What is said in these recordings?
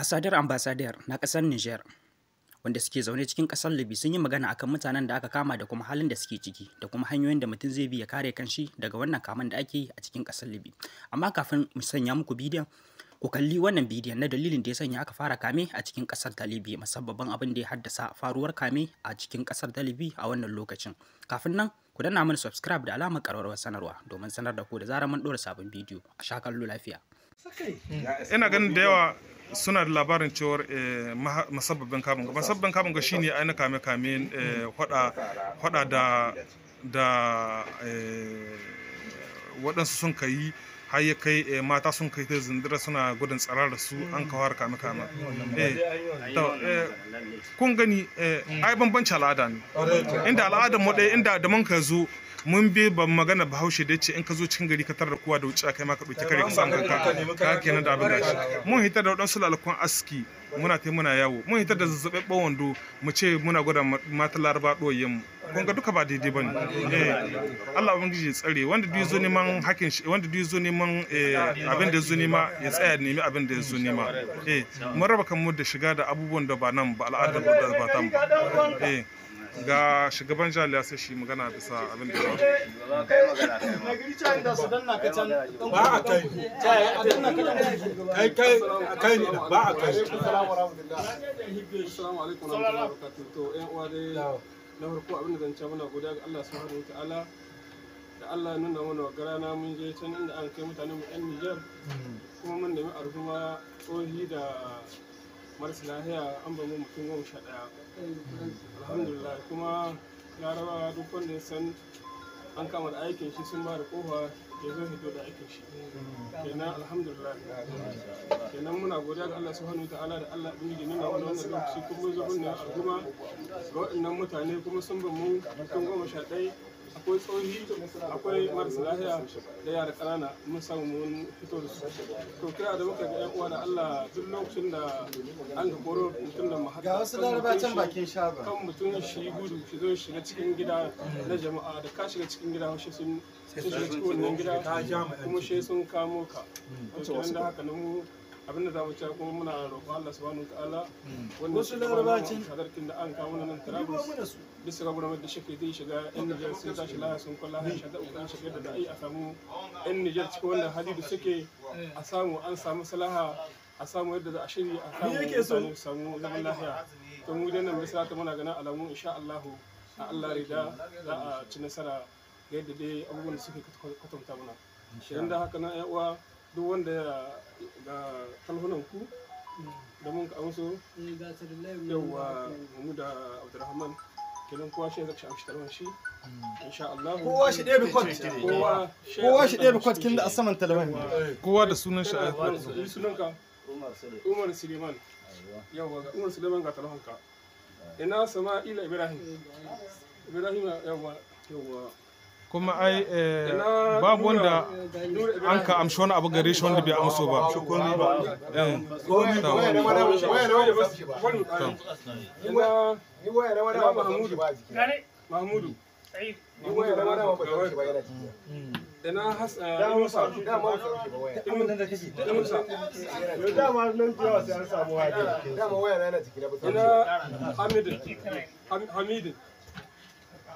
Ambasadar ambasadar na kasar Niger wanda suke zaune cikin kasar Libya sun yi magana akan mutanen da aka kama da kuma halin da suke ciki da kuma hanyoyin da mutum zai bi ya kare kanshi daga wannan kaman da ake yi a cikin kasar Libya. Amma kafin mu sanya muku bidiyon ku kalli wannan bidiyon na dalilin da ya sanya aka fara kame a cikin kasar talibi musabbabin abin da ya haddasa faruwar kame a cikin kasar talibi a wannan lokacin kafin nan ku danna mana subscribe da alamar karwarwar sanarwa domin sanar da ku da zarar mun ɗora sabon bidiyo a shakar kallo lafiya Mm. ina ganin da yawa suna da labarin cewar eh, masabbabin kamun ga masabbabin kamun ga shine aina kame kame hada eh, da da eh, waɗansu sun kai har ya kai mata sun kai ta zindira suna gudun tsara da su mm. an kawar kame kame kun gani mm. ai bambanci al'ada ne inda al'adar mu inda da mun ka zo mun bi ba magana bahaushe da ce in ka zo cikin gari ka tarar kowa da wuce kai ma ka ɗauki kare ka san kanka ka kenan da abin da shi mun hitar da wadansu lalakon aski muna tai muna yawo mun hitar da zazzaɓe wando mu ce muna gwada mata laraba ɗoyin mu kun ga duka ba daidai bane eh Allah ubangiji ya tsare wanda duk zo neman hakin shi wanda duk zo neman eh, abin da zo nema ya tsaya nemi abin da ya zo nema eh mun raba kanmu da shiga da abubuwan da ba nan ba al'adar da ba ta mu eh ga shugaban jihar ya shi magana bisa abin da ya ba a kai wa na farko abin zance muna godiya ga Allah subhanahu wa da Allah nuna mana wa garana mun je can inda an kai mutane mu yan Niger kuma mun nemi arzuma tsohi da marasa lahiya an ba mutum goma sha ɗaya alhamdulillah kuma larabawa duk wanda ya san an kama da aikin shi sun ba da kofa ya zo hito da aikin shi kenan alhamdulillah kenan muna godiya ga Allah subhanahu ta'ala da Allah din gini na wannan lokaci kuma zo ne a kuma ga waɗannan mutane kuma sun ba mu mutum goma sha ɗaya akwai tsohi akwai marasa lahiya da yara ƙanana mun samu mun fito da su to kira da muka ga yan uwa da Allah duk lokacin da an ga koro mutum da mahaka ga wasu larabacin bakin shaba kan mutum shi gudu shi zo shiga cikin gida na jama'a da ka shiga cikin gida shi sun shiga cikin wannan gida kuma shi sun kamo ka to da haka nan mu abin da za mu cewa kuma muna roƙon Allah subhanahu ta'ala hmm. wanda su larabacin sadarkin da an kawo nan Travis bisa ga gudanar da shi zai shiga yan Niger sai tashi laha sun kwalla har shada uku an shiga da da'i a samu yan Niger cikin wannan hali da suke eh. a samu an samu salaha a samu yadda za a shirya a samu samu zaman lafiya to mu dai nan bisa ta muna ganin alamu insha Allah a Allah rida za a ci nasara yadda dai abubuwan da suke kwatanta muna. shirin da haka na 'yan uwa duk wanda ga kalhunan ku da mun so yawa mu da abdurrahman kenan kowa shi zai shi talman shi hmm. insha Allah kowa shi ɗaya bikot kowa shi ɗaya bikot kin da asaman talman kowa da sunan shi a sunanka Umar Suleiman yawa ga Umar Suleiman ga talhanka ina sama ila Ibrahim eh, Ibrahim yawa yawa kuma ai babu wanda an ka amshi wani abu gare shi wanda bai amso ba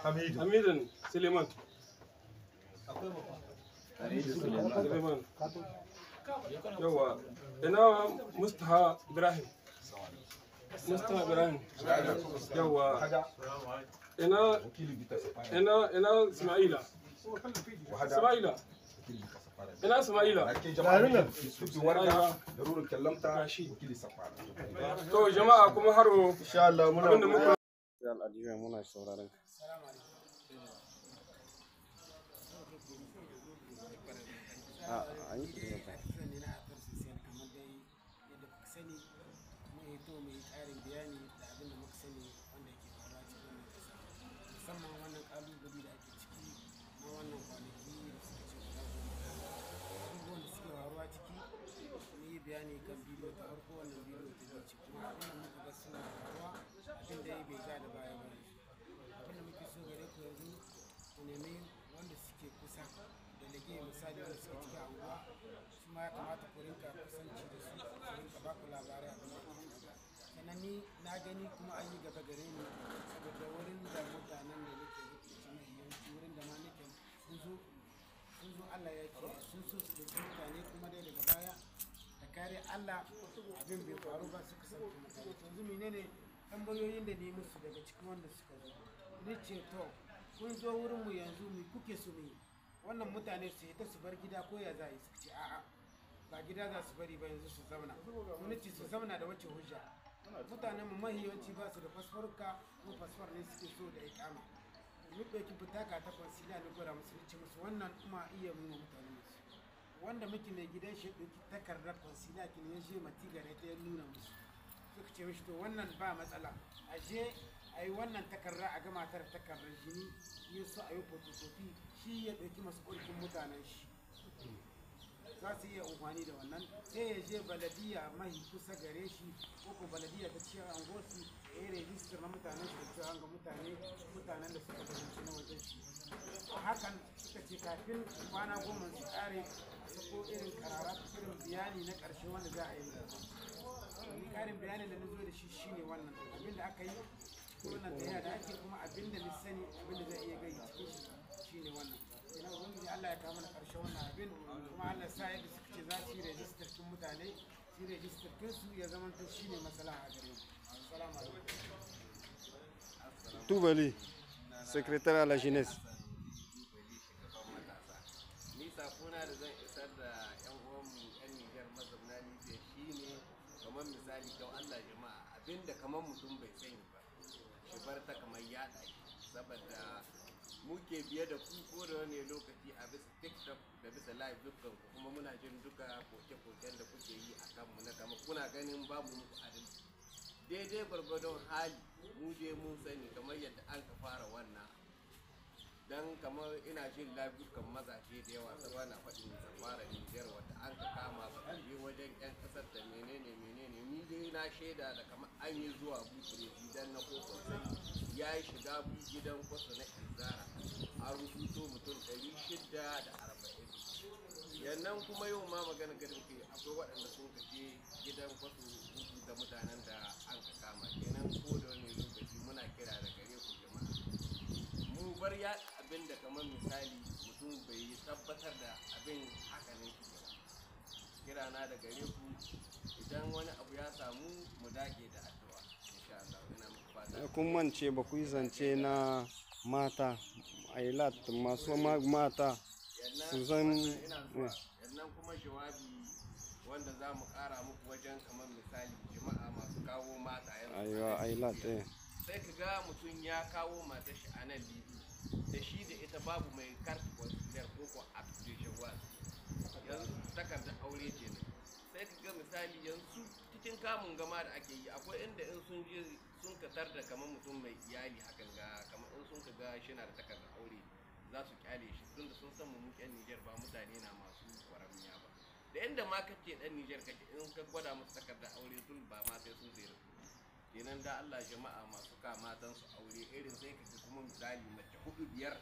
hamidin suleiman yawa ina mustaha ibrahim mustaha ibrahim yawa ina ina ina ismaila ismaila ina ismaila to jama'a kuma haro insha Allah muna muna sauraron an yi kudin yau ne na akwai sosiyar kamar dai yadda kuka sani mai to mai karin bayani da abin da muka sani wanda yake faruwa cikin wannan kasa musamman wannan kalubale da ake ciki na wannan kwanaki da suka ce guda goma abubuwan da suke faruwa ciki mun yi bayani kan bidiyo ta farko wannan bidiyo ta biyu ciki kuma abin da muka ga suna faruwa abin da ya bai ja da baya ba abin da muke so gare ku yanzu ku nemi wanda suke kusa da lage misali wanda suke cikin ya kamata ku rinka kusanci da su ku rinka ba ku labarai a sannan ni na gani kuma an yi gaba gare ni daga wurin da mutanen da nake rikici mai yanki wurin da ma nake sun zo sun zo Allah ya ke sun so su da mutane kuma dai daga baya da kare Allah abin bai faru ba suka san kuma yanzu menene tambayoyin da ne musu daga cikin wanda suka zo ni ce to kun zo wurin mu yanzu mu kuke su ne wannan mutane su yi ta su bar gida ko ya za yi suka ce a'a ba gida za su bari ba yanzu su zamana gwamnati su zauna da wace hujja mutanen mu mahiyanci ba su da fasfarka ko fasfar ne suke so da ikama mu ɗauki fita ka ta kwansila na gwada musu ce musu wannan kuma iya nuna mutane musu wanda muke mai gidan shi ɗauki takardar kwansila kin ya je matigare ta ya nuna musu suka ce mishi to wannan ba matsala a je a yi wannan takarda a gama matar takardar jini yin su a yi fotokofi shi ya ɗauki masu ƙorkin mutanen shi za su iya amfani da wannan sai ya je baladiya mai kusa gare shi ko ko baladiya ta ce an gosu ya yi rejistar na mutanen su da ga mutane mutanen da suka kasance na wajen shi hakan suka ce kafin kwana goma su kare su ko irin karara irin bayani na karshe wanda za a yi ni karin bayanin da na zo da shi shine wannan abinda aka yi wannan da yana da ake kuma abinda ni sani abinda zai iya gai cikin shi shine wannan na Allah ya kama na ƙarshen wannan abin kuma Allah sa yadda suka ce za su yi rajistar kin mutane su yi rajistar kin su ya zama a gare mu tubali secretary la jeunesse ni safuna da zan isar da yan uwanmu yan Nijar mazauna Nijar shine kamar misali don Allah jama'a abinda kamar mutum bai sani ba shi bar ta kamar yaɗa saboda muke biye da ku ko da wani lokaci a bisa tiktok da bisa live dukkan ku kuma muna jin duka koke-koken da kuke yi a kanmu na kama kuna ganin babu muku adin daidai gwargwadon hali mu je mun sani kamar yadda an ka fara wannan dan kamar ina jin live dukkan mazaje da yawa saba na faɗin safara Nijar wadda an ka kama ba je wajen yan kasar da menene menene ni dai na shaida da kamar an yi zuwa bukure gidan na kofar ya yi shiga gidan kwasa na izara a rubuto mutum ɗari shida da arba'in yannan kuma yau ma magana gada muke akwai waɗanda sun kaje gidan kwasu da mutanen da an ka kama kenan ko da wani lokaci muna kira da gare ku jama'a mu bar ya abin da kamar misali mutum bai tabbatar da abin hakanin ne ba kira na da gare ku idan wani abu ya samu mu dage da addu'a insha Allah ina muku fata kun mance ba ku zance na mata ailat masu mata su san yannan eh. kuma jawabi wanda za mu kara muku wajen kamar misali jama'a masu kawo mata aiwa ailat eh sai ka ga mutum ya kawo mata shi a nan libi da shi da ita babu mai karta wasiyar ko ko act da jawaz yanzu takardar aure ce ne sai ka ga misali yanzu cikin kamun gama da ake yi akwai inda in sun je sun katar da kamar mutum mai iyali hakan ga kamar in sun ka ga cewa shi yana da takardar aure za su kyale shi tun da sun san mu yan Nijar ba mutane na masu kwaramiya ba da inda ma kace dan Nijar kake in ka gwada musu takardar aure sun ba ma sai sun zira kenan da Allah jama'a masu kama dan su aure irin sai kaga kuma misali mace hudu biyar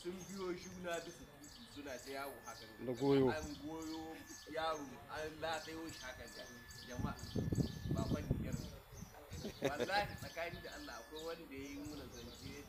sun biyo juna bisa suna ta yawo hakan da goyo an goyo yawo an la latsayo shi hakan da jama'a ba fa Nijar wallahi tsakani da Allah akwai wanda yayi mun zance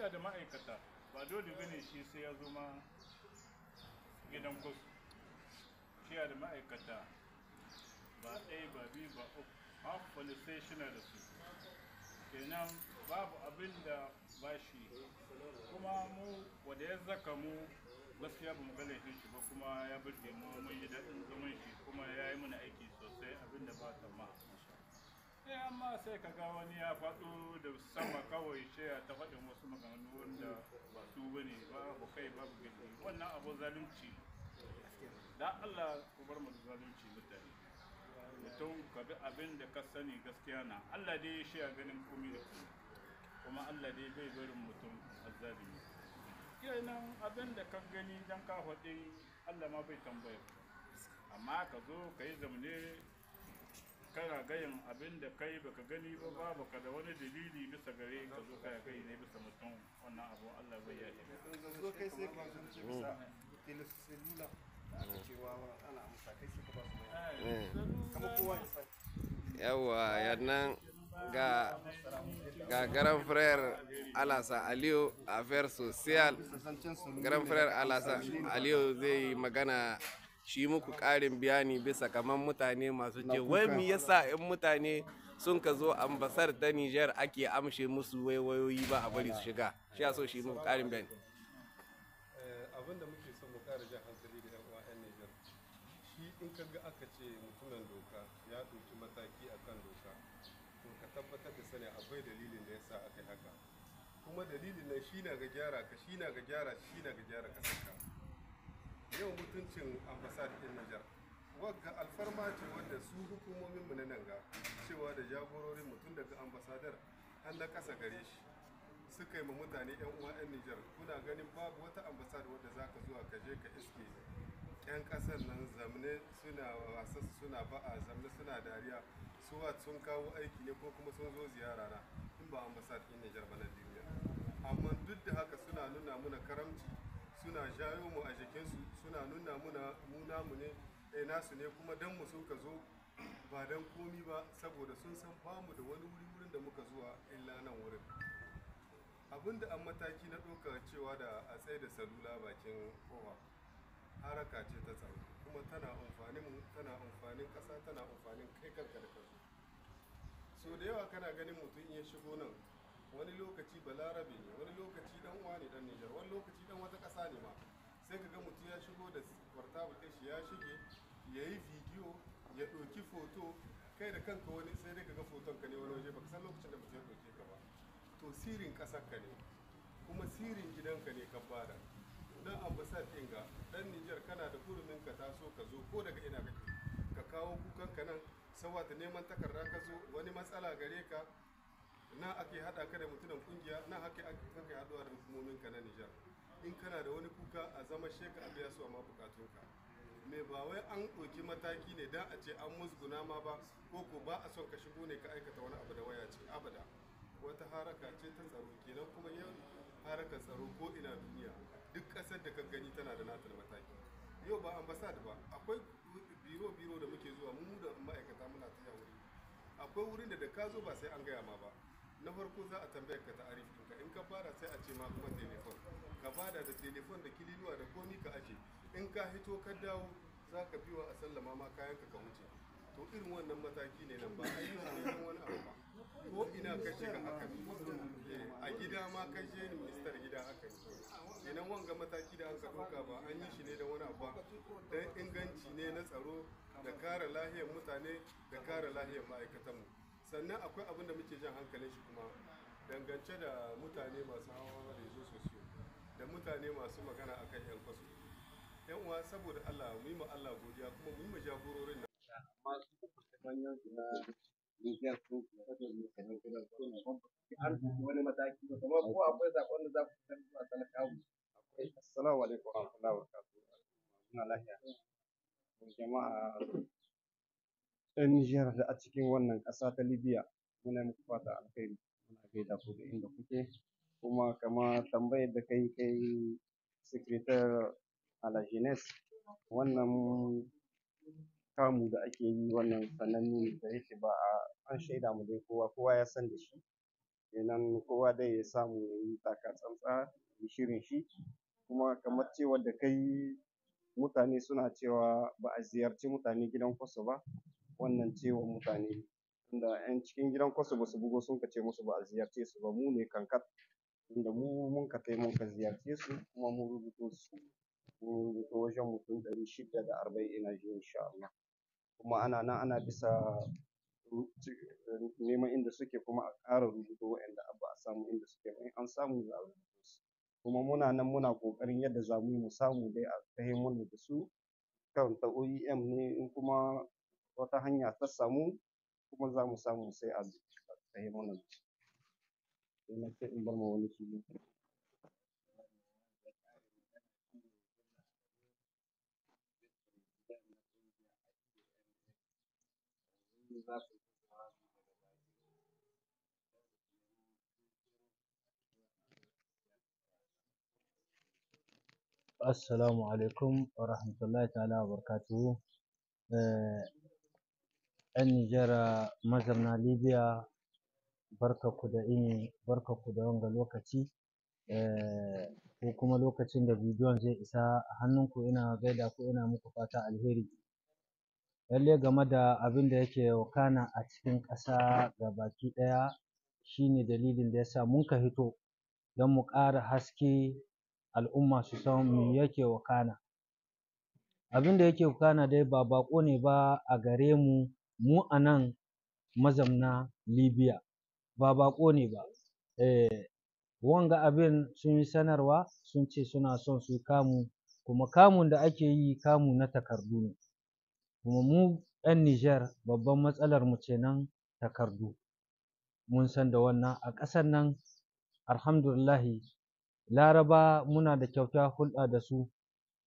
yana da ma'aikata ba dole bane shi sai ya zo ma gidan kwasu shi da ma'aikata ba ɗaya ba biyu ba uku hankali sai da su kenan babu abin da ba shi kuma mu wanda ya zaka mu gaskiya ba mu ga shi ba kuma ya burge mu mun yi daɗin zaman shi kuma ya yi mana aiki sosai abin da ba ta ma ɗaya amma sai ka ga wani ya faɗo da sama kawai shaya ta faɗin wasu maganganu wanda ba su ba ne ba ku kai ba ku gani wannan abu zalunci da Allah ku bar mu zalunci mutane mutum ka bi abin da ka sani gaskiya na Allah dai ya shaya ganin komai da komai kuma Allah dai bai barin mutum azzalimi kenan abin da ka gani dan ka faɗi Allah ma bai tambaya amma ka zo ka yi zamne kana gayin abin da kai baka gani ba ba baka da wani dalili bisa gare ka zo kai kai ne bisa mutum wannan abu Allah bai ya yi zo kai sai ka zuci bisa teleselula aka cewa ana amsa kai sai ka ba su mai eh. kamar kowa ya san yawa yannan ga ga garan frère alasa aliyu affaire social garan frère alasa aliyo zai magana shi muku ƙarin bayani bisa kamar mutane masu ce wai mi yasa in mutane sun ka zo ambasar ta Niger ake amshe musu wayoyi ba a bari su shiga shi so shi muku ƙarin bayani eh, abin da muke son mu ƙara jan hankali da yan uwa Niger Nijar shi in ka ga aka ce mutumin doka ya ɗauki mataki akan doka to ka tabbatar da sani akwai dalilin da yasa aka haka kuma dalilin nan shi na ga gyara ka shi na ga gyara shi na ga gyara ka saka yau mutuncin ambasad din Nijar. Wagga alfarma ce wadda su hukumomin mu na nan cewa da jagororin mutum daga ambasadar an na kasa gare shi. Suka yi ma mutane 'yan uwa 'yan Nijar kuna ganin babu wata ambasad wadda za ka zuwa ka je ka iske 'yan ƙasar nan zamne suna wasa suna ba'a zamne suna dariya suwa sun kawo aiki ne ko kuma sun zo ziyara na in ba ambasad din Nijar ba na duniya. Amma duk da haka suna nuna muna karamci suna jayo mu a jikinsu suna nuna muna mu namu ne ai eh, nasu ne kuma dan mu suka zo ba dan komi ba saboda sun san bamu da wani wuri wurin da muka zuwa illa nan wurin abin da an mataki na ɗauka cewa da a tsaye da salula bakin kowa haraka ce ta tsaro kuma tana amfani mu tana amfanin ƙasa tana amfanin kai kanka da kanka so da yawa kana ganin mutum in ya shigo nan wani lokaci balarabe ne wani lokaci dan uwa ne dan nijar wani lokaci dan wata ƙasa ne ma sai ka ga mutum ya shigo da portable ɗin shi ya shige ya yi bidiyo ya ɗauki foto kai da kanka wani sai dai ka ga foton ka ne wani waje ba san lokacin da mutum ya ɗauke ka ba to sirin ƙasar ka ne kuma sirin ka ne ka bada dan ambasad ɗin ga dan nijar kana da kurumin ka taso ka zo ko daga ina kake ka kawo kukan ka nan saboda neman takarda ka zo wani matsala gare ka na ake haɗa ka da mutumin kungiya na haka ake haɗuwa da hukumomin ka na Nijar in kana da wani kuka a zama sheka a biya su ma ka me ba wai an ɗauki mataki ne dan a ce an musguna ma ba ko ko ba a son ka shigo ne ka aikata wani abu da waya ce abada wata haraka ce ta tsaro kenan kuma yau haraka tsaro ko ina duniya duk ƙasar da ka gani tana da nata da mataki yau ba ambasad ba akwai biro biro da muke zuwa mu da ma'aikata muna ta wuri akwai wurin da da ka zo ba sai an gaya ma ba na farko za a tambaya ka ta'arif ɗinka in ka fara sai a ce ma kuma telefon ka fada da telefon da kililuwa da komi ka aje in ka hito ka dawo za ka biwa a sallama ma kayan ka ka wuce to irin wannan mataki ne nan ba a yi wani wani abu ba ko ina ka shiga aka eh, a gida ma ka je ni ministar gida aka yi idan wanga mataki da aka ɗauka ba an yi shi ne da wani abu ba dan inganci ne na tsaro da kare lahiyar mutane da kare lahiyar ma'aikatanmu sannan akwai abin da muke jan hankalin shi kuma dangance da mutane masu hawa rezo sosai da mutane masu magana a kan yan kwasu yan uwa saboda Allah mu yi ma Allah godiya kuma mu yi ma jagororin su na da an da za ku Ɗan Nijar da a cikin wannan ƙasa ta Libya muna muku fata alkhairi muna gaida ku da inda kuke kuma kama tambayar da kai kai secretary a wannan kamu da ake yi wannan sananne da yake ba a an shaida mu dai kowa kowa ya san da shi kenan kowa dai ya samu ya yi taka tsantsa ya shirin shi kuma kamar cewar da kai mutane suna cewa ba a ziyarci mutane gidan kwaso ba wannan cewa mutane da 'yan cikin gidan kwasu basu bugo sun ka ce musu ba a ziyarce su ba mu ne kankat tunda mu mun ka kai mun ka ziyarce su kuma mun rubuto su mun rubuto wajen mutum ɗari shida da arba'in ina ji insha Allah kuma ana nan ana bisa neman inda suke kuma a ƙara rubuto waɗanda ba a samu inda suke ba in an samu za a rubuto su kuma muna nan muna ƙoƙarin yadda za mu yi mu samu dai a kai mana da su kan ta OEM ne in kuma wata hanya ta samu kuma za mu samu sai a tsaye mana sai na ce in bar ma wani su السلام عليكم ورحمة الله تعالى وبركاته 'yan Nijar mazauna Libya barkanku da ini barkanku da wanga lokaci eh, ko kuma lokacin da bidiyon zai isa hannunku ina gaida ku ina muku fatan alheri lallai game da abin da yake wakana a cikin ƙasa ga baki ɗaya shine dalilin da yasa ka hito don mu ƙara haske al'umma su san me yake wakana da yake wakana dai ba baƙo ne ba a gare mu mu a nan mazamna Libya ba baƙo ne ba eh wanga abin sun yi sanarwa sun ce suna son su kamu kuma kamun da ake yi kamu na takardu ne kuma mu 'yan Nijar babban matsalar mu ce nan takardu mun san da wannan a ƙasar nan alhamdulillahi Laraba muna da kyauta hulɗa da su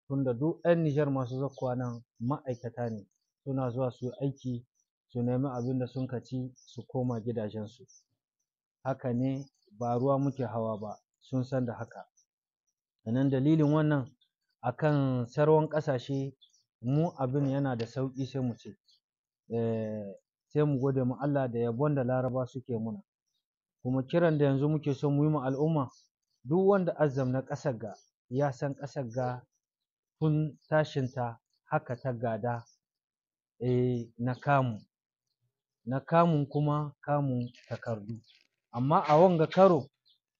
tunda duk 'yan Nijar masu zakkuwa nan ma'aikata ne suna zuwa su yi aiki su nemi abin da sun ci su koma gidajensu haka ne ba ruwa muke hawa ba sun san da haka sannan dalilin wannan a kan sarwan ƙasashe mu abin yana da sauƙi sai mu ce eh, sai mu gode mu Allah da yabon da laraba suke muna kuma kiran da yanzu muke so mu yi ma al'umma duk wanda azzam na ƙasar ga ya san ƙasar ga tun tashinta haka ta gada eh na kamu na kamun kuma kamun takardu amma a wanga karo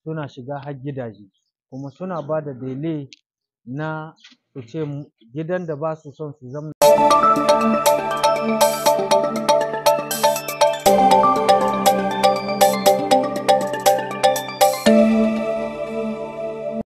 suna shiga har gidaje kuma suna ba da bele na su ce gidan da ba su son su zamna